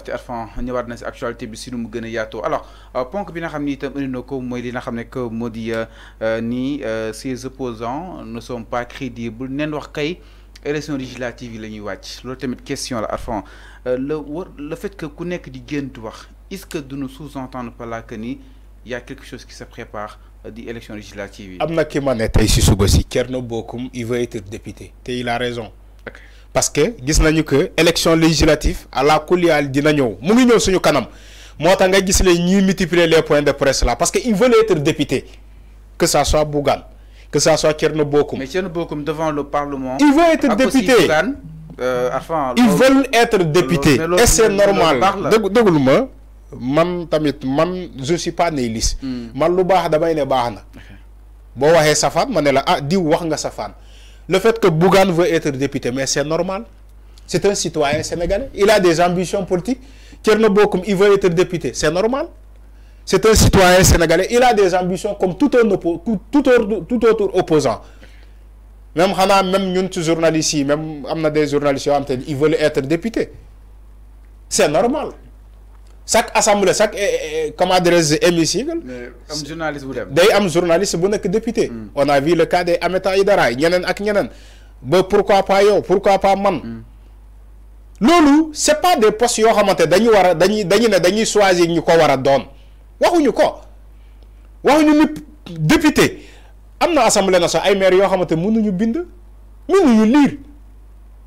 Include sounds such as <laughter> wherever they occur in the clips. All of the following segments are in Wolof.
parti Arfan ñëwaat na ci actualité bi si nu mu gën a yaatoo alors euh, ponk bi nga xam ni itam indi na ko mooy li nga xam ne que moo di euh, nii ces euh, opposants ne sont pas crédibles neen wax kay élection législative yi la ñuy wàcc loolu tamit question la Arfan le war le fait que ku nekk di gént wax est-ce que nous sous-entendre par là que ni y a quelque chose qui se prépare di élection législative yi. am na ki ma ne tey si suba si Thierno Bocoum il veut être député te il a raison parce que gis nañu que élection législative à la colliale dina ñëw mu ngi ñëw suñu kanam moo nga gis les ñi multiplier les points de presse là parce que veulent être députés que ça soit Bougane que ça soit Tierno bokum mais Thierno devant le parlement. ils veulent être députés euh, ils veulent être députés et c'est normal dëgg dëggul ma man tamit man je suis pas nihiliste. Hmm. man lu baax damay ne baax na. boo waxee safaan ne la ah diw wax nga safane le fait que Bougan veut être député, mais c'est normal. C'est un citoyen sénégalais. Il a des ambitions politiques. Tchernobokum, il veut être député. C'est normal. C'est un citoyen sénégalais. Il a des ambitions comme tout, tout, autre, opposant. Même, même nous, journalistes, même des journalistes, ils veulent être députés. C'est normal. chaque assemblée chaque eh, eh, eh, comment dirais-je hémicycle am journaliste bu dem day am journaliste bu nekk député. Hmm. on a vu le cas des Ameta Aïdara ñeneen ak ñeneen ba pourquoi pas yow pourquoi pas man. Hmm. loolu c'est pas des postes yoo xamante dañu war a dañuy dañu ne dañuy choisir ñu ko war a doon waxuñu ko waxuñu ni député am na assemblée nationale ay maire yoo xamante mënuñu bind mënuñu lire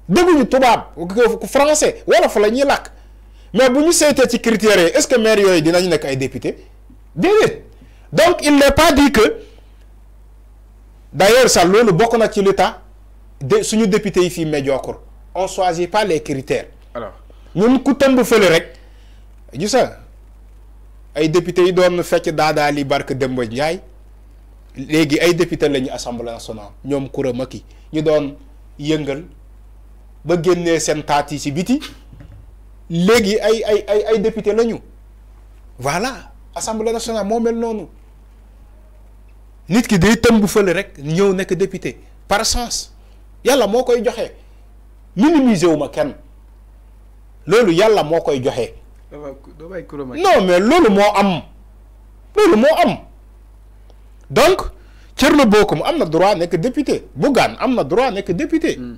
dégguñu tubaab français wolof la ñuy làkk. mais bu ñu seetee ci critères est-ce que maire est dinañu nekk ay député déedéet donc il n'est pas dit que d'ailleurs ça le bon na ci lu tax de suñu député yi fii médiocre on choisit pas les critères alors ñun ku tëmb fële rek gisa ay député yi doon fecc daadaa li barke Demba Ndiaye léegi ay député lañu assemblée nationale ñoom kuréel ma ki ñu doon yëngal ba génnee seen taat yi ci biti léegi ay ay ay ay député lañu voilà assemblée nationale moo mel noonu nit ki day tëmb fële rek ñëw nekk député par chance yàlla moo koy joxe minimiser wu ma kenn loolu yàlla moo koy joxe. non mais loolu moo am loolu moo am donc Thierno mu am na droit nekk député gaan am na droit nekk député. Hmm.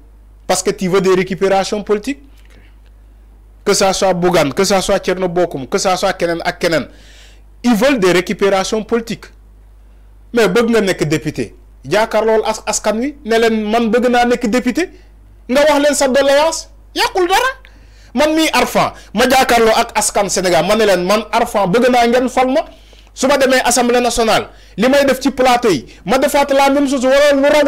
parce que tu veux des récupérations politiques. Que ça soit Bougan, que ça soit Tchernobokoum, que ça soit Kenen ak Ils veulent des récupérations politiques. Mais bëgg n'est que député. Yaakaar loolu as askan wi man bëgg naa que député nga wax leen sa doléance yàqul dara man mi Arfan ma jaakaarloo ak askan Sénégal man ne man Arfan beug na ngeen fal ma Ce matin, assemblée nationale les maires def ci plateau yi ma fait la même chose wala lu rag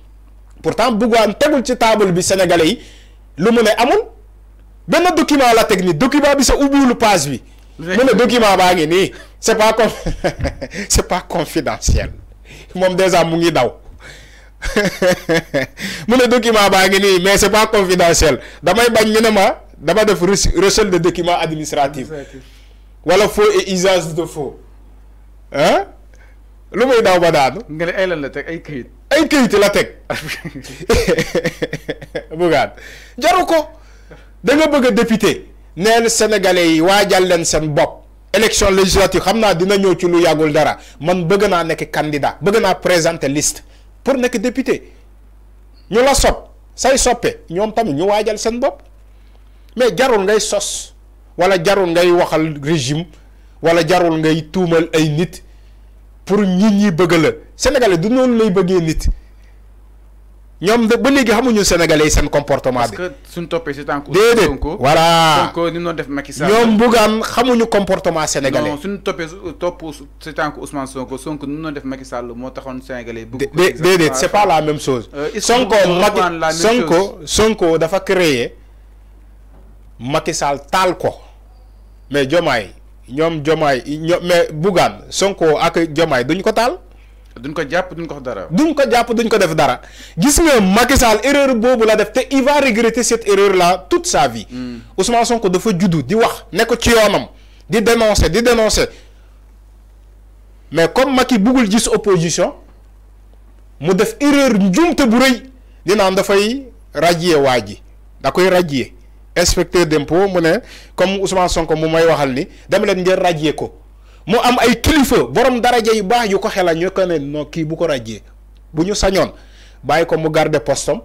pourtant Bougane tegul ci table bi sénégalais lu mu amul ben document la technique document bi sa ubbiwul page bi. mu document ba ngi ni c'est pas <laughs> c'est pas confidentiel mom déjà mu ngi daw <laughs> mu document ba ngi ni mais c'est pas confidentiel damay bañ ñu ne ma dama def recel de document administratif. wala faux et usage de faux hein lu muy daw ba daanu. nga ne ay lan ay kayit. ay kayit la teg <laughs> bugaat jaru ko da nga bëgg a député neen sénégalais yi waajal leen seen bopp. élection législative xam naa dina ñëw ci lu yàggul dara man bëgg naa nekk kandidaa bëgg naa présenter liste pour nekk député ñu la sopp say soppe ñoom tamit ñu waajal seen bopp mais jarul ngay sos wala jarul ngay waxal régime wala jarul ngay tuumal ay nit. pour nit ñi bëgg la sénégalais du noonu lay bëggee nit ñoom de ba léegi xamuñu sénégalais yi seen comportement bi. toppee si tànku. déedéet voilà Sonko ni mu doon def Macky Sall. ñoom Bougane xamuñu comportement sénégalais. non suñ toppee euh, topp si tànku Ousmane Sonko Sonko ni mu def Macky Sall moo taxoon sénégalais. bëgg ko déedéet c'est pas la même chose. Euh, Sonko Macky Sonko Sonko dafa créer Macky taal ko mais Diomaye. ñom jomay ñoom mais Bougane Sonko ak jomay duñ ko tal duñ ko japp duñ ko dara. duñ ko japp duñ ko def dara gis nga Macky Sall erreur bobu la def te il va regretter cette erreur là toute sa vie. Hmm. Ousmane Sonko dafa juddu di wax ne ko ci yoonam di dénoncer di dénoncer mais comme Macky bugul gis opposition mu def erreur njumte bu reuy dina naan dafay radier waji da koy radier inspecteur d'impôt mu comme Ousmane Sonko mu may waxal ni dem len ngeen ràjjee ko mu am ay kilifa borom daraja yu baax yu ko xelal ñu ko ne no ki bu ko ràjjee bu ñu sañon baye ko mu garder postom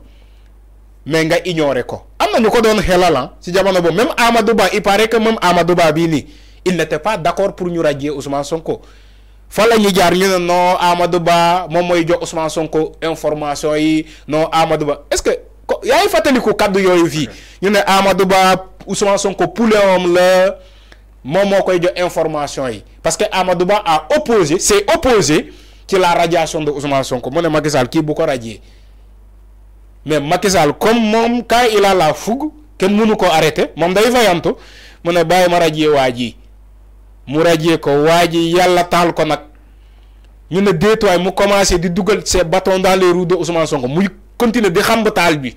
mais nga ignorer ko am na ñu ko doon xelal ah ci jamono même Amadou Ba il paraît que même Amadou Ba bi il n'était pas d'accord pour ñu ràjjee Ousmane Sonko fa la jaar ñu ne non Amadou Ba mom moy jox Ousmane Sonko information yi non Amadou Ba est-ce que. ko yaay ngi fàttaliku kàddu yooyu fii ñu ne Amadou Ba Ousmane Sonko poulet am la moom moo koy jox information yi parce que Amadou Ba a opposé s'est opposé ci la radiation de Ousmane Sonko mu ne Macky kii bu ko radier mais Macky Sall comme moom kaa il a la fougue kenn mënu ko arrêté moom day fayantu mu ne bàyyi ma radier waa ji mu rajee ko waa ji yàlla taal ko nag ñu ne déet waay mu commencé di dugal ses baton dans les roues de Ousmane Sonko muy. continuer de Khambataal lui.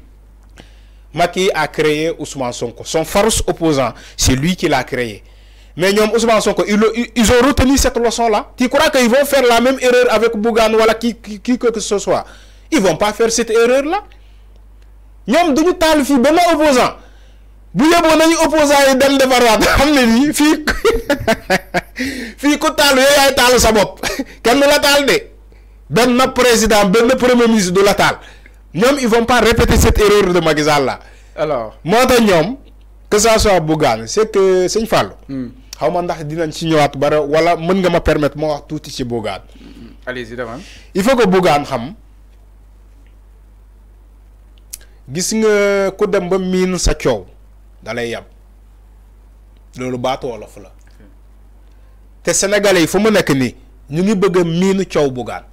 Maki a créé Ousmane Sonko. Son farouche opposant, c'est lui qui l'a créé. Mais nous, Ousmane Sonko, ils, ils, ont retenu cette leçon-là. Tu crois qu'ils vont faire la même erreur avec Bougan ou voilà, qui, qui, qui, que ce soit Ils vont pas faire cette erreur-là. Nous, nous avons fait ma opposant. bu yeboo nañu opposant yi dem defaraat xam xamné nii fi fii ku <laughs> taalu yow yaay taalu sa bop <laughs> kenn la tal de ma président benn premier ministre du la taal ils ils vont pas répéter cette erreur de Macky là. alors Moi de que ça soit Bougane c'est que hmm. wala ma permettre tout Bougane. Hmm. allez-y devant. il faut que Bougane xam gis nga ko dem ba min sa coow yab te sénégalais ngi bëgg Bougane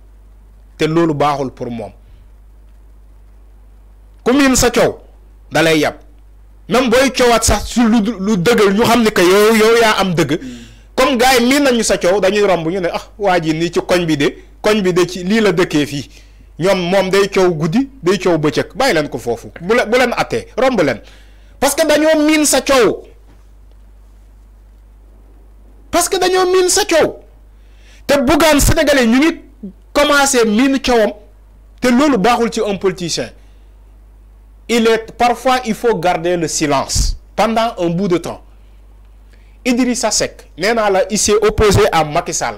pour moi ku miin sa coow da lay yàpp même booy coowaat sax su lu lu dëgg ñu xam ni que yow yow yaa am dëgg comme gars yi miin nañu sa coow dañuy romb ñu ne ah waa ji nii ci koñ bi de koñ bi de ci lii la dëkkee fii ñoom moom day coow guddi day coow bëccëg bàyyi leen ko foofu bu leen bu romb leen parce que dañoo miin sa coow parce que dañoo miin sa coow te Bougane sénégalais ñu ngi commencé miin coowam te loolu baaxul ci un politicien. il est, parfois, il faut garder le silence pendant un bout de temps. Idrissa Seck, il s'est opposé à Macky Sall.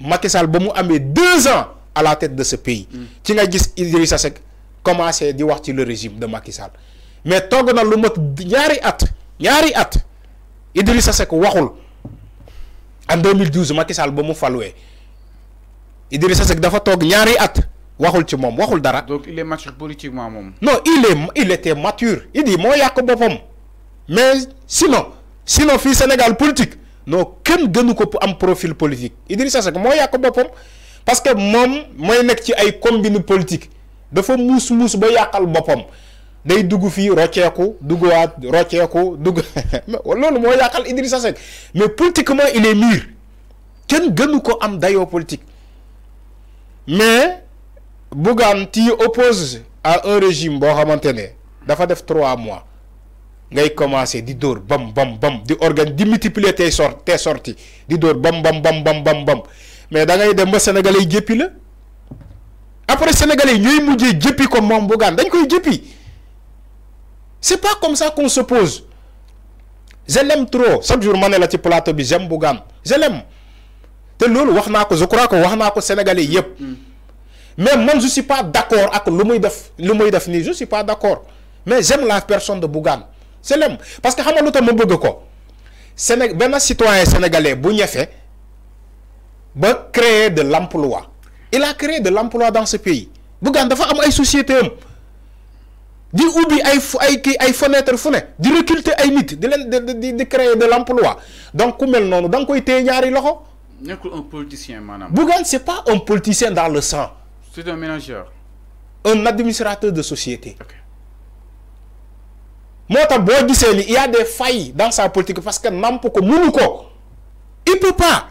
Macky Sall, a mis deux ans à la tête de ce pays. Tu a dit Idrissa Seck commencer di wax le régime de Macky Sall mais dans le lu mot ñaari at yari at Idrissa Seck en 2012 Macky Sall ba mu Sasek, Idrissa Seck dafa toog waxul ci mom waxul dara. donc il est mature politiquement mom non il est il était mature il dit mo yàq bopam mais sinon sinon fi Sénégal politique non ken gënu ko am profil politique Idrissa Seck mo yàq bopam parce que mom moy nek ci ay combine politique dafa mous mous ba yakal bopam day dugg rocceku rocceeku wat rocceku dugg lolou mo yakal Idrissa Seck mais politiquement il est mûr ken gënu ko am dayo politique mais. Bougane oppose à un régime boo xamante dafa def trois mois ngay commencer di dor bam bam bam di organe di multiplier tes sorti tes di dor bam bam bam bam bam bam mais da ngay dem ba sénégalais yi la après sénégalais ñuy mujjé mujjee ko comme moom dañ koy jéppi c'est pas comme ça qu'on se pose je l'aime trop chaque jour mané la ci plateau bi j'aime Bougam. je l'aime te loolu wax je crois que waxnako sénégalais yépp hmm mais moi je suis pas d'accord avec le mot de lu Je def finir je suis pas d'accord mais j'aime la personne de Bougan. c'est l'homme parce que je sais lu tax ko citoyen sénégalais bu il ba créer de l'emploi il a créé de l'emploi dans ce pays Bougan dafa am ay société Il di ubbi ay ay fenêtres ay fenêtre fu ne di recruter ay nit di créer de l'emploi donc comment mel noonu da nga koy téye Bougan un politicien c'est pas un politicien dans le sang. C'est un ménageur. Un administrateur de société. Okay. Il y a des failles dans sa politique parce que de Mounouko, il ne peut pas.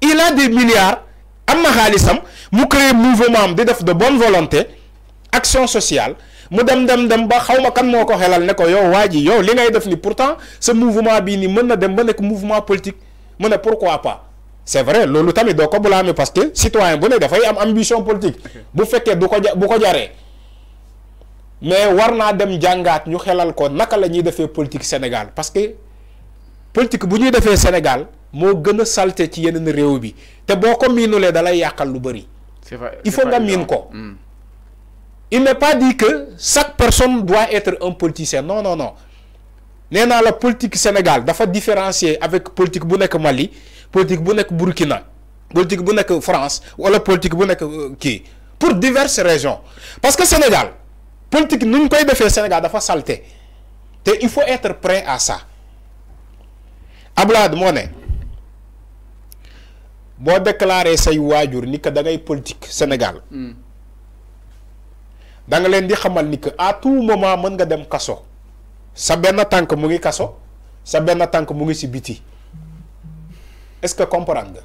Il a des milliards, il crée un mouvement de bonne volonté, action sociale. dem dem pourtant ce mouvement a mouvement politique pourquoi pas c'est vrai loolu tamit do ko blâmer parce que citoyen bu ne fay am ambition politique bu fekkee du ko bu ko jaré mais warna dem jàngaat ñu xelal ko naka la ñuy politique Sénégal parce que politique bu ñuy défé Sénégal mo gëna salté ci yeneen réew bi te boko minulé miinulee dalay yakal lu il faut nga miin ko. Hmm. il n'est pas dit que chaque personne doit être un politicien non non non néna la politique Sénégal dafa différencier avec politique bu nek Mali politique bu nek Burkina politique bu nek France wala politique bu nek euh, kii pour diverses raisons parce que Sénégal politique nu koy défé Sénégal dafa salté té il faut être prêt à ça Ablaye mo né bo déclarer say waajur ni que da ngay politique Sénégal hmm. da nga len di xamal ni que à tout moment mën nga dem kasso sa ben tank mu ngi kaso sa benn tànk mu ngi ci biti est-ce que comprendre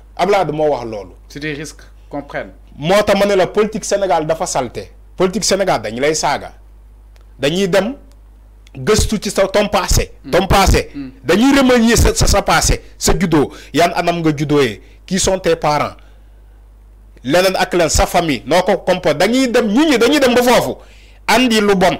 comprenez c'est des risques qu'on prenne. tax ma la politique Sénégal dafa salte politique Sénégal lay dem vu. ci sa ton passé. Hmm. ton passé. Hmm. remanier ça passé Ce judo. yan anam nga qui sont tes parents leneen ak sa famille dem dem andi lu bon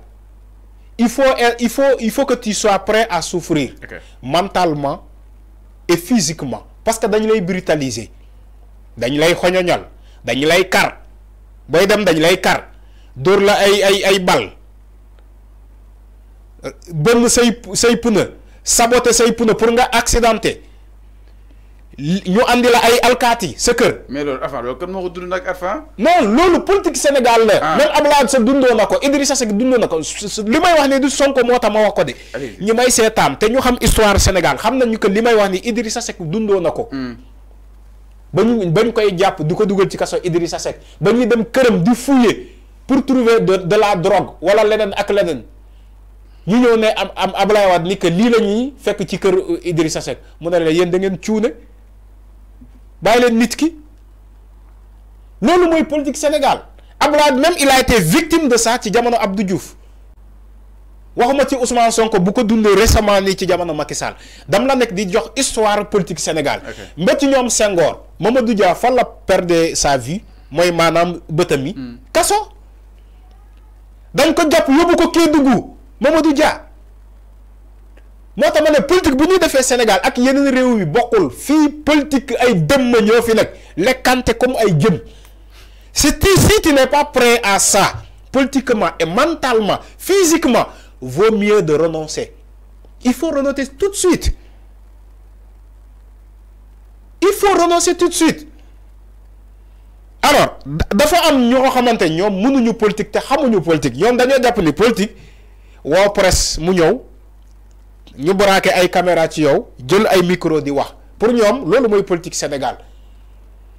il faut, euh, il, faut, il faut que tu sois prêt à souffrir mentalement et physiquement. Parce que dañu lay brutaliser. dañu lay xoñoñal dañu lay car. booy dem dañu lay kar dóor la ay ay ay bal euh, bënn say say pneu saboter say pneu pour nga accidenté ñu andi la ay alkaati sa kër. mais loolu Arfan loolu kan moo ko dund ak Arfan. non loolu politique Sénégal la. Ah. même Abdoulaye sa dundoo na ko Idrissa Seck dundoo na ko li may wax ni du Sonko moo tax ma wax ko de. ñi may seetaan te ñu xam histoire Sénégal xam ñu que li may wax ni Idrissa Seck dundoo na ko. Hmm. ba ñu koy jàpp di ko dugal ci kaso Idrissa Seck ba ñuy dem këram di fouiller pour trouver de de la drogue wala leneen ak leneen. ñu ñëw ne am am Abdoulaye Wade ni que lii la ñuy fekk ci kër Idrissa Seck mu ne la yéen da ngeen cuune. bàyyi Nitki, nit ki politique Sénégal Abdoulaye même il a été victime de ça ci jamono Abdou Diouf waxuma ci Ousmane Sonko bu ko dundee récemment ni ci jamono Macky Sall dam la di jox histoire politique Sénégal. mba ci ñoom Senghor Mamadou Dia falla perdre sa vie mooy maanaam bëtam Kasso? Hmm. kaso dañ ko jàpp yóbbu ko Kédougou Mamadou Dia. Moi, je suis politique Sénégal ak yeneen réew politique fi comme ay si tu n'es pas prêt à ça politiquement et mentalement physiquement vaut mieux de renoncer il faut renoncer tout de suite il faut renoncer tout de suite alors dafa am ñoo xamante ñoom nous politique te politiques. politique ñoom dañoo un politique presse mu nous braqué ay caméra ci yow jël ay micro di wax pour nous, c'est la politique Sénégal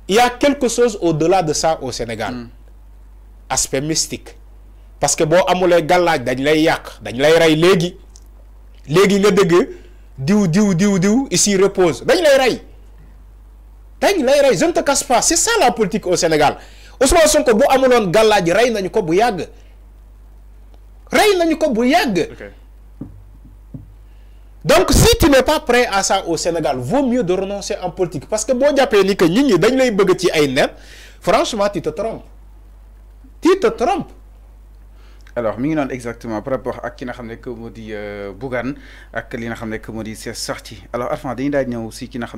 il y a quelque chose au-delà de ça au Sénégal hmm. aspect mystique parce que si amulé gàllaaj dañ lay yak dañ lay ray légui légui nga dëgg diw diw diw diw ici repose dañ lay dañ lay je ne te casse pas c'est ça la politique au Sénégal Ousmane Sonko bo amulone ko bu donc si tu n'es pas prêt à ça au Sénégal vaut mieux de renoncer en politique parce que bon, jàppee ni que nit ñi dañ lay bëgg ci franchement tu te trompes tu te trompes. alors mi sais exactement par rapport à qui n'a xam que moo euh, Bougane ak li nga que moo c'est sorti. alors enfin, dañuy daal ñëw si ki n'a